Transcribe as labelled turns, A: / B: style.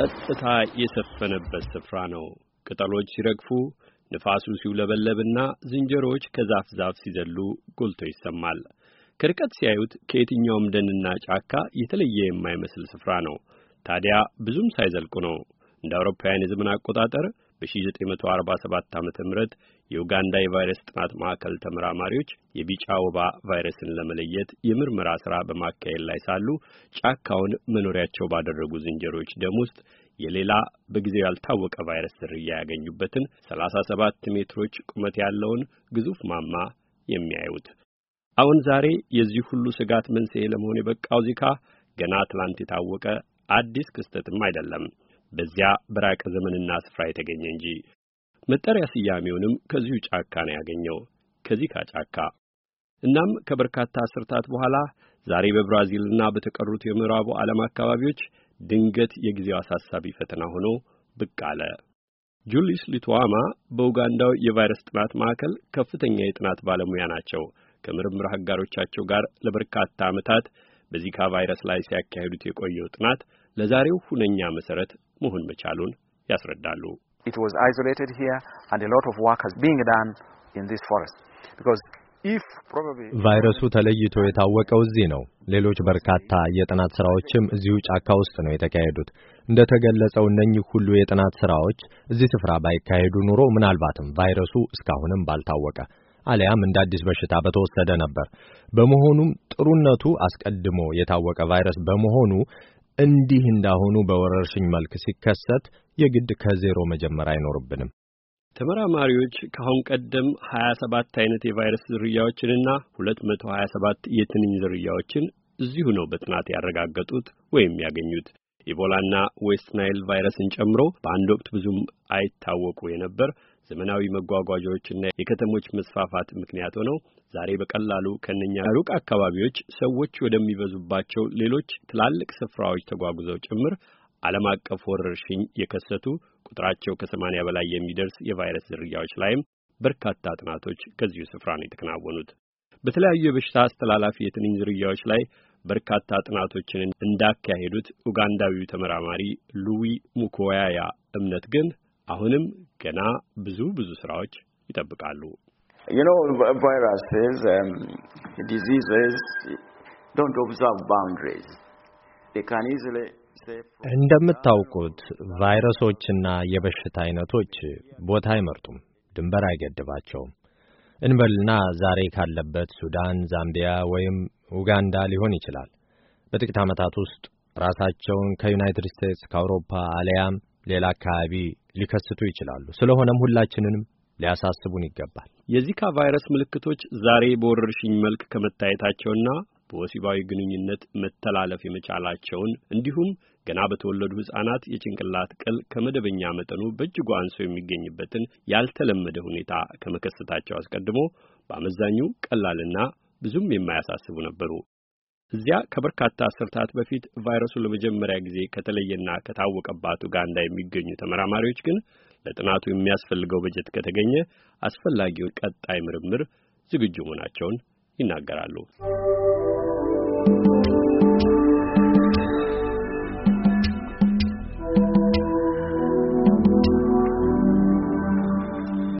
A: ጸጥታ የሰፈነበት ስፍራ ነው። ቅጠሎች ሲረግፉ፣ ንፋሱ ሲውለበለብና ዝንጀሮዎች ከዛፍ ዛፍ ሲዘሉ ጎልቶ ይሰማል። ከርቀት ሲያዩት ከየትኛውም ደንና ጫካ የተለየ የማይመስል ስፍራ ነው። ታዲያ ብዙም ሳይዘልቁ ነው እንደ አውሮፓውያን የዘመን አቆጣጠር በ1947 ዓመተ ምህረት የኡጋንዳ የቫይረስ ጥናት ማዕከል ተመራማሪዎች የቢጫ ወባ ቫይረስን ለመለየት የምርመራ ሥራ በማካሄድ ላይ ሳሉ ጫካውን መኖሪያቸው ባደረጉ ዝንጀሮች ደም ውስጥ የሌላ በጊዜው ያልታወቀ ቫይረስ ዝርያ ያገኙበትን 37 ሜትሮች ቁመት ያለውን ግዙፍ ማማ የሚያዩት አሁን ዛሬ የዚህ ሁሉ ስጋት መንስኤ ለመሆን የበቃው ዚካ ገና ትላንት የታወቀ አዲስ ክስተትም አይደለም። በዚያ በራቀ ዘመንና ስፍራ የተገኘ እንጂ። መጠሪያ ስያሜውንም ከዚሁ ጫካ ነው ያገኘው ከዚካ ጫካ። እናም ከበርካታ አስርታት በኋላ ዛሬ በብራዚልና በተቀሩት የምዕራቡ ዓለም አካባቢዎች ድንገት የጊዜው አሳሳቢ ፈተና ሆኖ ብቅ አለ። ጁሊስ ሊቱዋማ በኡጋንዳው የቫይረስ ጥናት ማዕከል ከፍተኛ የጥናት ባለሙያ ናቸው። ከምርምር አጋሮቻቸው ጋር ለበርካታ ዓመታት በዚካ ቫይረስ ላይ ሲያካሂዱት የቆየው ጥናት ለዛሬው ሁነኛ መሰረት መሆን መቻሉን ያስረዳሉ። It was isolated here and a lot of work has been done in this forest because ቫይረሱ
B: ተለይቶ የታወቀው እዚህ ነው። ሌሎች በርካታ የጥናት ስራዎችም እዚሁ ጫካ ውስጥ ነው የተካሄዱት። እንደተገለጸው እነኚህ ሁሉ የጥናት ስራዎች እዚህ ስፍራ ባይካሄዱ ኑሮ ምናልባትም ቫይረሱ እስካሁንም ባልታወቀ አሊያም እንደ አዲስ በሽታ በተወሰደ ነበር። በመሆኑም ጥሩነቱ አስቀድሞ የታወቀ ቫይረስ በመሆኑ እንዲህ እንዳሁኑ በወረርሽኝ መልክ ሲከሰት የግድ ከዜሮ መጀመር አይኖርብንም።
A: ተመራማሪዎች ከአሁን ቀደም 27 አይነት የቫይረስ ዝርያዎችንና 227 የትንኝ ዝርያዎችን እዚሁ ነው በጥናት ያረጋገጡት ወይም ያገኙት። ኢቦላና ዌስት ናይል ቫይረስን ጨምሮ በአንድ ወቅት ብዙም አይታወቁ የነበር ዘመናዊ መጓጓዣዎችና የከተሞች መስፋፋት ምክንያት ሆነው ዛሬ በቀላሉ ከነኛ ሩቅ አካባቢዎች ሰዎች ወደሚበዙባቸው ሌሎች ትላልቅ ስፍራዎች ተጓጉዘው ጭምር ዓለም አቀፍ ወረርሽኝ የከሰቱ ቁጥራቸው ከሰማንያ በላይ የሚደርስ የቫይረስ ዝርያዎች ላይም በርካታ ጥናቶች ከዚሁ ስፍራ ነው የተከናወኑት። በተለያዩ የበሽታ አስተላላፊ የትንኝ ዝርያዎች ላይ በርካታ ጥናቶችን እንዳካሄዱት ኡጋንዳዊው ተመራማሪ ሉዊ ሙኮያያ እምነት ግን አሁንም ገና ብዙ ብዙ ስራዎች ይጠብቃሉ።
B: እንደምታውቁት ቫይረሶችና የበሽታ አይነቶች ቦታ አይመርጡም፣ ድንበር አይገድባቸውም። እንበልና ዛሬ ካለበት ሱዳን፣ ዛምቢያ ወይም ኡጋንዳ ሊሆን ይችላል። በጥቂት ዓመታት ውስጥ ራሳቸውን ከዩናይትድ ስቴትስ፣ ከአውሮፓ አሊያም ሌላ አካባቢ ሊከስቱ ይችላሉ። ስለሆነም ሁላችንንም ሊያሳስቡን
A: ይገባል። የዚካ ቫይረስ ምልክቶች ዛሬ በወረርሽኝ መልክ ከመታየታቸውና በወሲባዊ ግንኙነት መተላለፍ የመቻላቸውን እንዲሁም ገና በተወለዱ ሕፃናት የጭንቅላት ቅል ከመደበኛ መጠኑ በእጅጉ አንሶ የሚገኝበትን ያልተለመደ ሁኔታ ከመከሰታቸው አስቀድሞ በአመዛኙ ቀላልና ብዙም የማያሳስቡ ነበሩ። እዚያ ከበርካታ አስርታት በፊት ቫይረሱ ለመጀመሪያ ጊዜ ከተለየና ከታወቀባት ኡጋንዳ የሚገኙ ተመራማሪዎች ግን ለጥናቱ የሚያስፈልገው በጀት ከተገኘ አስፈላጊው ቀጣይ ምርምር ዝግጁ መሆናቸውን ይናገራሉ።